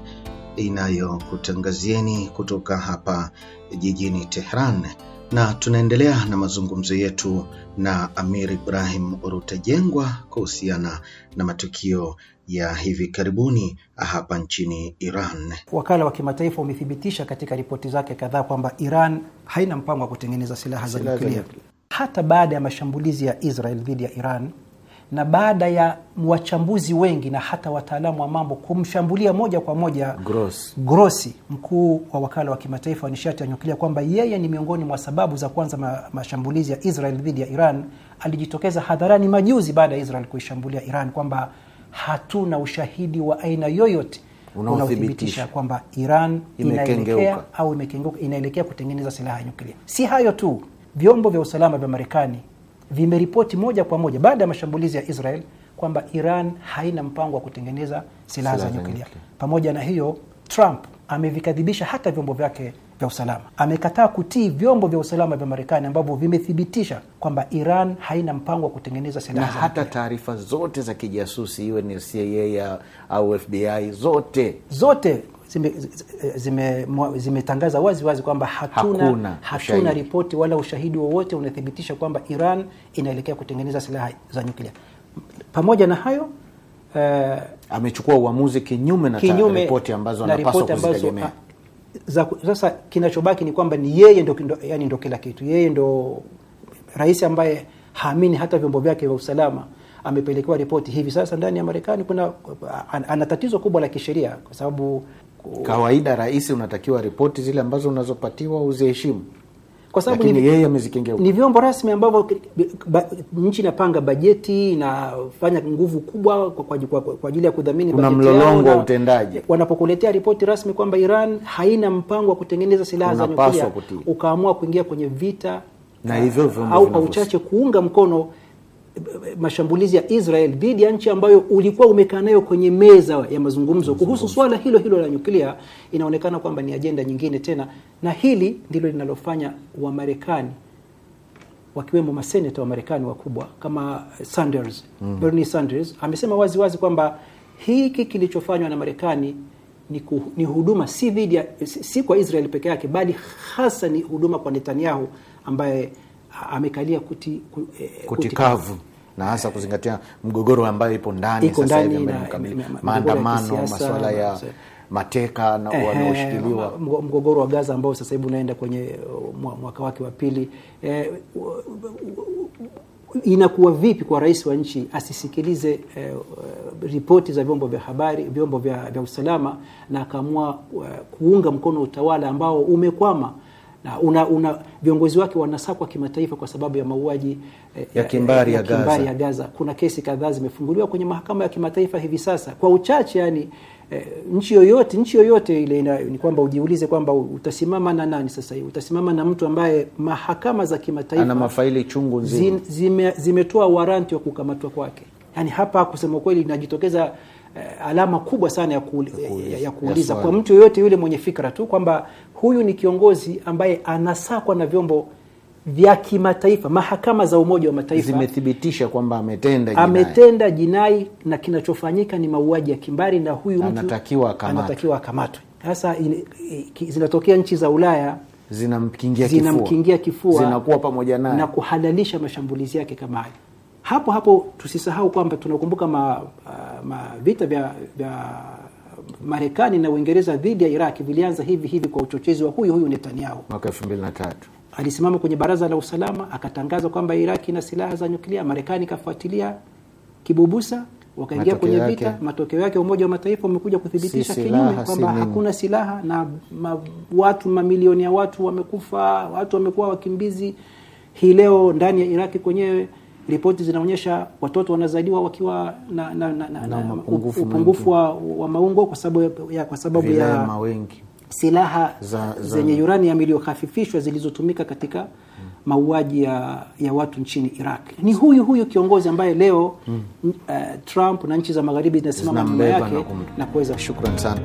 inayokutangazieni kutoka hapa jijini Tehran, na tunaendelea na mazungumzo yetu na Amir Ibrahim Rutajengwa kuhusiana na matukio ya hivi karibuni hapa nchini Iran. Wakala wa kimataifa umethibitisha katika ripoti zake kadhaa kwamba Iran haina mpango wa kutengeneza silaha za nyuklia hata baada ya mashambulizi ya Israel dhidi ya Iran na baada ya wachambuzi wengi na hata wataalamu wa mambo kumshambulia moja kwa moja Gross, Grossi, mkuu wa wakala wa kimataifa wa nishati ya nyuklia kwamba yeye ni miongoni mwa sababu za kwanza ma, mashambulizi ya Israel dhidi ya Iran, alijitokeza hadharani majuzi baada ya Israel kuishambulia Iran kwamba hatuna ushahidi wa aina yoyote unaothibitisha kwamba Iran inaelekea au imekengeuka, inaelekea kutengeneza silaha ya nyuklia. Si hayo tu vyombo vya usalama vya Marekani vimeripoti moja kwa moja baada ya mashambulizi ya Israel kwamba Iran haina mpango wa kutengeneza silaha za nyuklia. Pamoja na hiyo, Trump amevikadhibisha hata vyombo vyake vya usalama, amekataa kutii vyombo vya usalama vya Marekani ambavyo vimethibitisha kwamba Iran haina mpango wa kutengeneza silaha, na hata taarifa zote za kijasusi iwe ni CIA au FBI, zote zote zimetangaza zime, zime, wazi wazi kwamba hatuna, Hakuna, hatuna ripoti wala ushahidi wowote unathibitisha kwamba Iran inaelekea kutengeneza silaha za nyuklia. Pamoja na hayo uh, amechukua uamuzi kinyume na kinyume ripoti ambazo anapaswa kuzitegemea. Ah, sasa kinachobaki ni kwamba ni yeye ndo, ndo, yani ndo kila kitu. Yeye ndo rais ambaye haamini hata vyombo vyake vya usalama amepelekewa ripoti hivi sasa ndani ya Marekani kuna ana tatizo kubwa la kisheria, kwa sababu Kawaida rais unatakiwa ripoti zile ambazo unazopatiwa uziheshimu, kwa sababu ni yeye Ni vyombo rasmi ambavyo nchi inapanga bajeti, inafanya nguvu kubwa kwa ajili kwa, kwa, ya kudhamini bajeti. mlolongo wa utendaji, wanapokuletea ripoti rasmi kwamba Iran haina mpango wa kutengeneza silaha za nyuklia, ukaamua kuingia kwenye vita na hivyo vyombo au kwa uchache kuunga mkono mashambulizi ya Israel dhidi ya nchi ambayo ulikuwa umekaa nayo kwenye meza ya mazungumzo kuhusu swala hilo hilo la nyuklia, inaonekana kwamba ni ajenda nyingine tena, na hili ndilo linalofanya Wamarekani wakiwemo maseneta wa Marekani wakubwa kama Sanders, mm. Bernie Sanders amesema wazi wazi kwamba hiki kilichofanywa na Marekani ni, ku, ni huduma si, dhidi ya, si, si kwa Israel peke yake bali hasa ni huduma kwa Netanyahu ambaye amekalia kuti, eh, eh, kuti, kutikavu na hasa kuzingatia mgogoro ambayo ipo ndani sasa hivi, maandamano, masuala ya mateka na wanaoshikiliwa, mgogoro wa Gaza ambao sasa hivi unaenda kwenye uh, mwaka wake wa pili. eh, inakuwa vipi kwa rais wa nchi asisikilize eh, uh, ripoti za vyombo vya habari, vyombo vya, vya usalama na akaamua uh, kuunga mkono utawala ambao umekwama na una, una viongozi wake wanasakwa kimataifa kwa sababu ya mauaji eh, ya kimbari ya, ya, ya, Gaza. Kuna kesi kadhaa zimefunguliwa kwenye mahakama ya kimataifa hivi sasa kwa uchache yani eh, nchi yoyote nchi yoyote ile ina, ni kwamba ujiulize kwamba utasimama na nani sasa hivi? Utasimama na mtu ambaye mahakama za kimataifa ana mafaili chungu nzima zimetoa zime waranti wa kukamatwa kwake. Yani hapa kusema kweli inajitokeza Eh, alama kubwa sana ya, kuuli, ya, kuuliza. ya, ya kuuliza ya kwa mtu yoyote yule mwenye fikra tu kwamba huyu ni kiongozi ambaye anasakwa na vyombo vya kimataifa. Mahakama za Umoja wa Mataifa zimethibitisha kwamba ametenda jinai, ametenda jinai na kinachofanyika ni mauaji ya kimbari, na huyu mtu anatakiwa akamatwe. Sasa zinatokea nchi za Ulaya zinamkingia, zinamkingia kifua, kifua, zinakuwa pamoja naye na kuhalalisha mashambulizi yake kama hayo. Hapo hapo tusisahau kwamba tunakumbuka ma, uh, ma vita vya, vya Marekani na Uingereza dhidi ya Iraq vilianza hivi hivi kwa uchochezi wa huyu huyu Netanyahu mwaka 2003 alisimama kwenye baraza la usalama akatangaza kwamba Iraki ina silaha za nyuklia. Marekani ikafuatilia kibubusa, wakaingia kwenye vita Matokeo yake Umoja wa Mataifa umekuja kuthibitisha si kinyume kwamba si hakuna silaha na ma, watu mamilioni ya watu wamekufa, watu wamekuwa wakimbizi hii leo ndani ya Iraki kwenyewe ripoti zinaonyesha watoto wanazaliwa wakiwa na, na, na, na, na upungufu, wa, wa maungo kwa sababu ya, kwa sababu ya mawengi. silaha za, za, zenye uranium iliyohafifishwa zilizotumika katika hmm. mauaji ya, ya watu nchini Iraq. Ni huyu huyu kiongozi ambaye leo hmm. uh, Trump na nchi za magharibi zinasimama nyuma yake na kuweza. Shukran sana.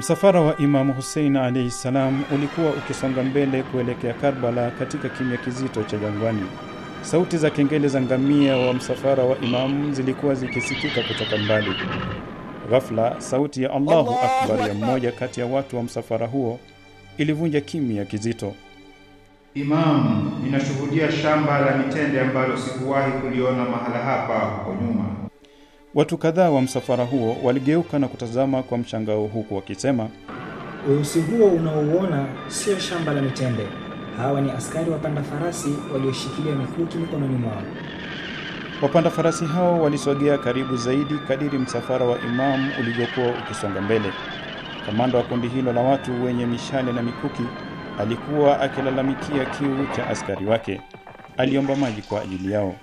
Msafara wa Imamu Husein alaihi ssalam ulikuwa ukisonga mbele kuelekea Karbala katika kimya kizito cha jangwani. Sauti za kengele za ngamia wa msafara wa Imamu zilikuwa zikisikika kutoka mbali. Ghafla, sauti ya Allahu akbar ya mmoja kati ya watu wa msafara huo ilivunja kimya kizito. Imamu, ninashuhudia shamba la mitende ambalo sikuwahi kuliona mahala hapa huko nyuma. Watu kadhaa wa msafara huo waligeuka na kutazama kwa mshangao, huku wakisema, weusi huo unaouona sio shamba la mitende. Hawa ni askari wapanda farasi walioshikilia mikuki mikononi mwao. Wapanda farasi hao walisogea karibu zaidi kadiri msafara wa Imamu ulivyokuwa ukisonga mbele. Kamanda wa kundi hilo la watu wenye mishale na mikuki alikuwa akilalamikia kiu cha askari wake. Aliomba maji kwa ajili yao.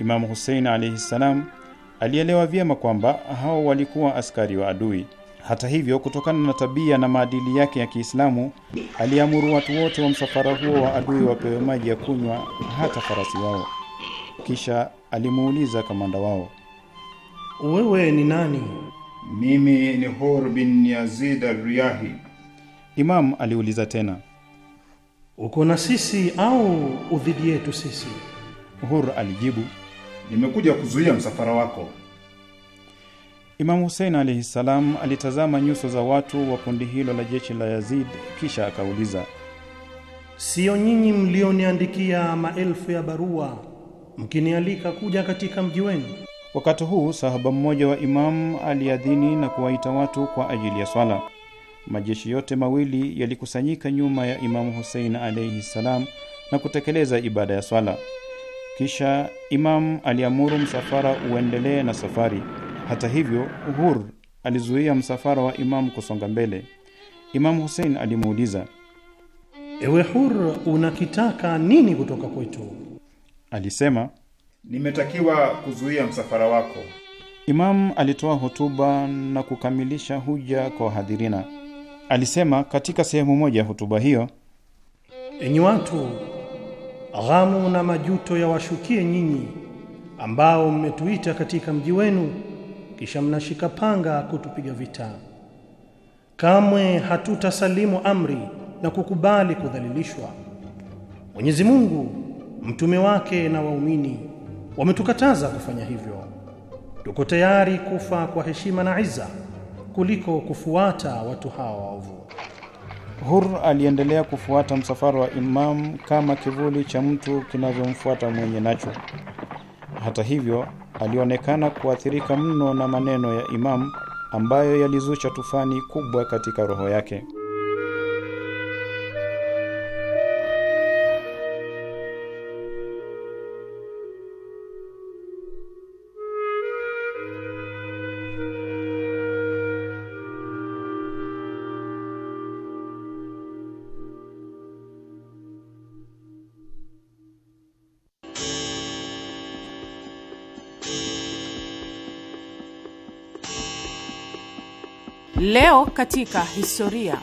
Imamu husein alaihi ssalam Alielewa vyema kwamba hao walikuwa askari wa adui. Hata hivyo, kutokana na tabia na maadili yake ya Kiislamu, aliamuru watu wote wa msafara huo wa adui wapewe maji ya kunywa, hata farasi wao. Kisha alimuuliza kamanda wao, wewe ni nani? Mimi ni Hur bin Yazid Alriyahi. Imam aliuliza tena, uko na sisi au udhidi yetu sisi? Hur alijibu nimekuja kuzuia msafara wako. Imamu Husein alaihi ssalam alitazama nyuso za watu wa kundi hilo la jeshi la Yazid, kisha akauliza, siyo nyinyi mlioniandikia maelfu ya barua mkinialika kuja katika mji wenu? Wakati huu sahaba mmoja wa imamu aliadhini na kuwaita watu kwa ajili ya swala. Majeshi yote mawili yalikusanyika nyuma ya Imamu Husein alaihi salam na kutekeleza ibada ya swala. Kisha Imam aliamuru msafara uendelee na safari. Hata hivyo, Hur alizuia msafara wa Imamu kusonga mbele. Imamu husein alimuuliza, ewe Hur, unakitaka nini kutoka kwetu? Alisema, nimetakiwa kuzuia msafara wako. Imamu alitoa hotuba na kukamilisha huja kwa wahadhirina. Alisema katika sehemu moja ya hotuba hiyo, enyi watu Ghamu na majuto yawashukie nyinyi ambao mmetuita katika mji wenu, kisha mnashika panga kutupiga vita. Kamwe hatutasalimu amri na kukubali kudhalilishwa. Mwenyezi Mungu, mtume wake na waumini wametukataza kufanya hivyo. Tuko tayari kufa kwa heshima na iza kuliko kufuata watu hawa waovu. Hur aliendelea kufuata msafara wa Imam kama kivuli cha mtu kinavyomfuata mwenye nacho. Hata hivyo, alionekana kuathirika mno na maneno ya Imam ambayo yalizusha tufani kubwa katika roho yake. Leo katika historia.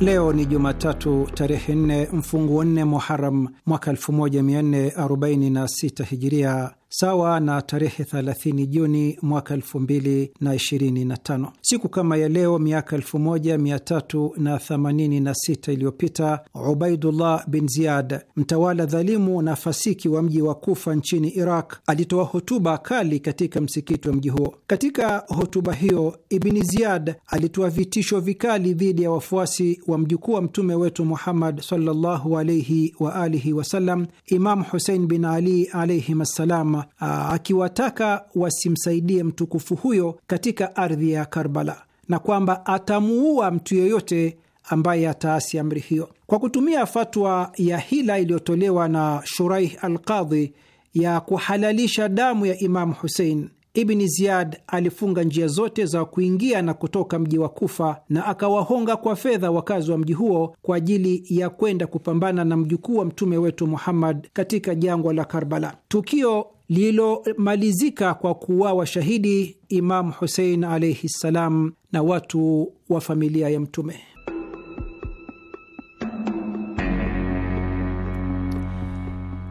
Leo ni Jumatatu tarehe nne mfunguo nne Muharam mwaka 1446 Hijiria, sawa na tarehe 30 Juni mwaka 2025. Siku kama ya leo miaka 1386 iliyopita, Ubaidullah bin Ziyad, mtawala dhalimu na fasiki wa mji wa Kufa nchini Iraq, alitoa hotuba kali katika msikiti wa mji huo. Katika hotuba hiyo, Ibni Ziyad alitoa vitisho vikali dhidi ya wafuasi wa mjukuu wa mtume wetu Muhammad sallallahu alaihi wa alihi wasallam, Imam Husein bin Ali alaihim assalam Kiislamu akiwataka wasimsaidie mtukufu huyo katika ardhi ya Karbala na kwamba atamuua mtu yeyote ambaye ataasi amri hiyo. Kwa kutumia fatwa ya hila iliyotolewa na Shuraih Alqadhi ya kuhalalisha damu ya Imamu Husein, Ibni Ziyad alifunga njia zote za kuingia na kutoka mji wa Kufa na akawahonga kwa fedha wakazi wa mji huo kwa ajili ya kwenda kupambana na mjukuu wa mtume wetu Muhammad katika jangwa la Karbala. Tukio lililomalizika kwa kuuawa shahidi Imamu Husein alaihi ssalam na watu wa familia ya Mtume.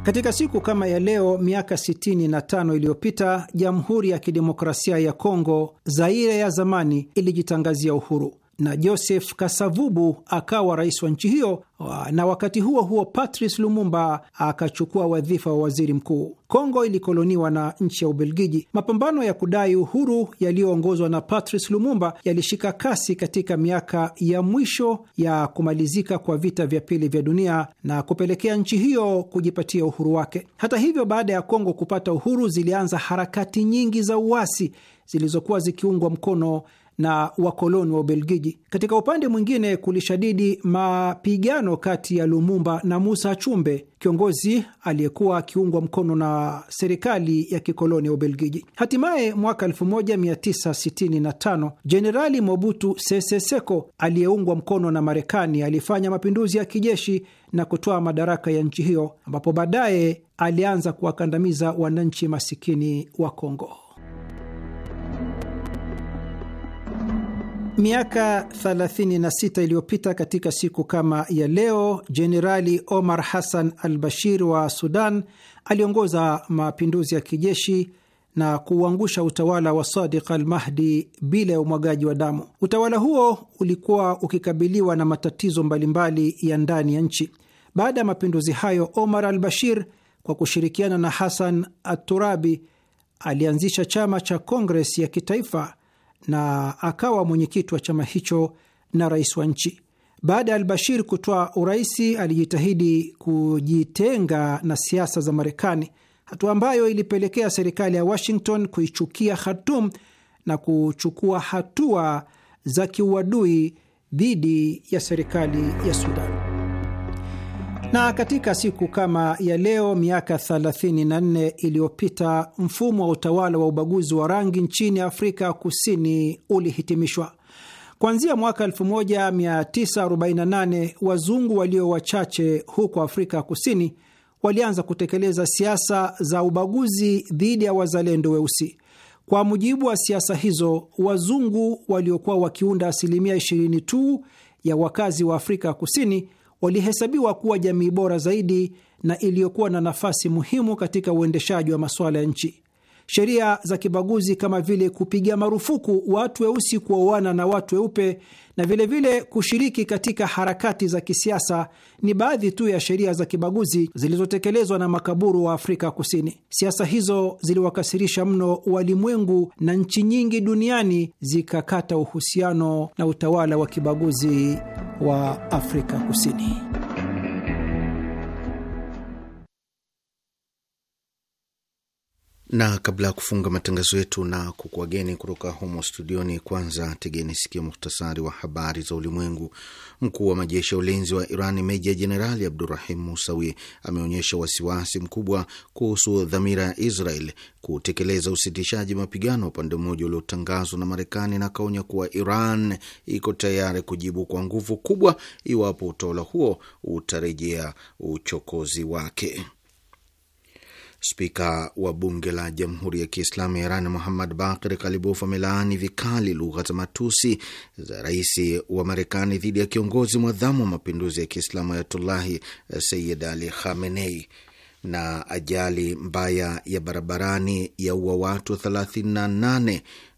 Katika siku kama ya leo miaka 65 iliyopita Jamhuri ya Kidemokrasia ya Kongo, Zaire ya zamani, ilijitangazia uhuru na Joseph Kasavubu akawa rais wa nchi hiyo, na wakati huo huo Patrice Lumumba akachukua wadhifa wa waziri mkuu. Kongo ilikoloniwa na nchi ya Ubelgiji. Mapambano ya kudai uhuru yaliyoongozwa na Patrice Lumumba yalishika kasi katika miaka ya mwisho ya kumalizika kwa vita vya pili vya dunia na kupelekea nchi hiyo kujipatia uhuru wake. Hata hivyo, baada ya Kongo kupata uhuru, zilianza harakati nyingi za uasi zilizokuwa zikiungwa mkono na wakoloni wa Ubelgiji. Katika upande mwingine, kulishadidi mapigano kati ya Lumumba na Musa Chumbe, kiongozi aliyekuwa akiungwa mkono na serikali ya kikoloni ya Ubelgiji. Hatimaye mwaka 1965 Jenerali Mobutu Sese Seko aliyeungwa mkono na Marekani alifanya mapinduzi ya kijeshi na kutoa madaraka ya nchi hiyo, ambapo baadaye alianza kuwakandamiza wananchi masikini wa Kongo. Miaka 36 iliyopita katika siku kama ya leo, Jenerali Omar Hassan al Bashir wa Sudan aliongoza mapinduzi ya kijeshi na kuuangusha utawala wa Sadiq al Mahdi bila ya umwagaji wa damu. Utawala huo ulikuwa ukikabiliwa na matatizo mbalimbali ya ndani ya nchi. Baada ya mapinduzi hayo, Omar al Bashir kwa kushirikiana na Hassan Aturabi alianzisha chama cha Kongres ya Kitaifa na akawa mwenyekiti wa chama hicho na rais wa nchi. Baada ya Albashir kutoa uraisi, alijitahidi kujitenga na siasa za Marekani, hatua ambayo ilipelekea serikali ya Washington kuichukia Khartum na kuchukua hatua za kiuadui dhidi ya serikali ya Sudan. Na katika siku kama ya leo miaka 34 iliyopita mfumo wa utawala wa ubaguzi wa rangi nchini Afrika Kusini ulihitimishwa. Kuanzia mwaka 1948 wazungu walio wachache huko Afrika Kusini walianza kutekeleza siasa za ubaguzi dhidi ya wazalendo weusi. Kwa mujibu wa siasa hizo, wazungu waliokuwa wakiunda asilimia 20 tu ya wakazi wa Afrika Kusini walihesabiwa kuwa jamii bora zaidi na iliyokuwa na nafasi muhimu katika uendeshaji wa masuala ya nchi. Sheria za kibaguzi kama vile kupiga marufuku watu weusi kuoana na watu weupe na vilevile vile kushiriki katika harakati za kisiasa ni baadhi tu ya sheria za kibaguzi zilizotekelezwa na makaburu wa Afrika Kusini. Siasa hizo ziliwakasirisha mno walimwengu na nchi nyingi duniani zikakata uhusiano na utawala wa kibaguzi wa Afrika Kusini. na kabla ya kufunga matangazo yetu na kukuageni kutoka humo studioni, kwanza tegeni sikia muhtasari wa habari za ulimwengu. Mkuu wa majeshi ya ulinzi wa Iran Meja Jenerali Abdurahim Musawi ameonyesha wasiwasi mkubwa kuhusu dhamira ya Israel kutekeleza usitishaji mapigano upande mmoja uliotangazwa na Marekani, na akaonya kuwa Iran iko tayari kujibu kwa nguvu kubwa iwapo utawala huo utarejea uchokozi wake. Spika wa bunge la Jamhuri ya Kiislamu ya Iran Muhammad Bakir Kalibof amelaani vikali lugha za matusi za rais wa Marekani dhidi ya kiongozi mwadhamu wa mapinduzi ya Kiislamu Ayatullahi Sayid Ali Khamenei. Na ajali mbaya ya barabarani yaua watu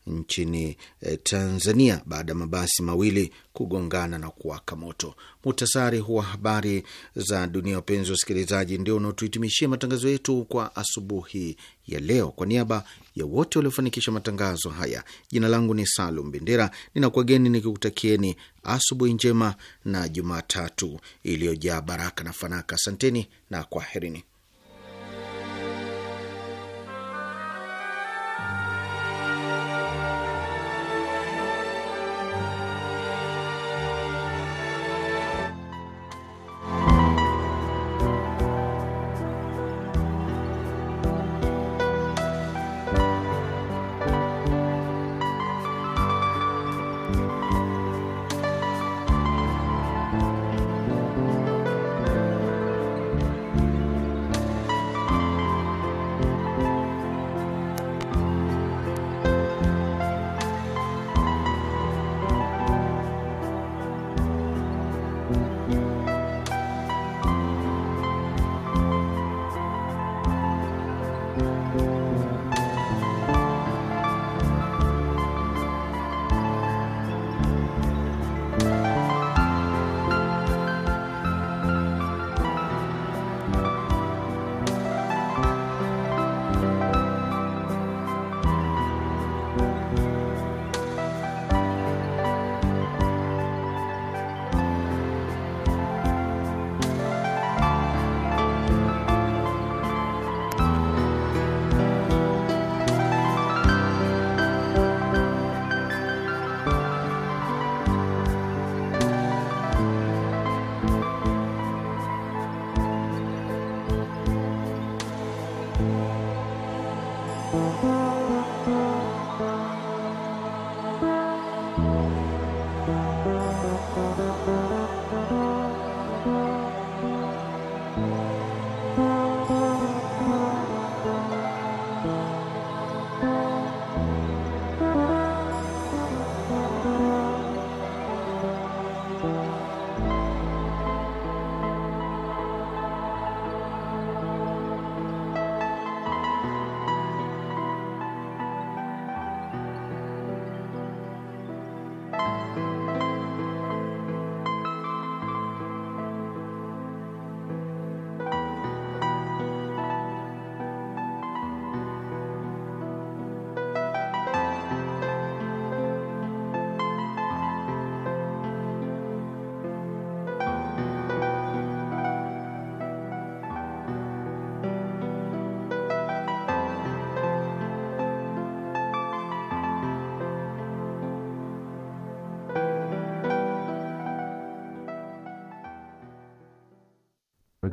nchini eh, Tanzania baada ya mabasi mawili kugongana na kuwaka moto. Muhtasari huwa habari za dunia, wapenzi usikilizaji ndio unaotuhitimishia matangazo yetu kwa asubuhi ya leo. Kwa niaba ya wote waliofanikisha matangazo haya, jina langu ni Salum Bendera, ninakuageni nikikutakieni asubuhi njema na Jumatatu iliyojaa baraka na fanaka. Asanteni na kwaherini.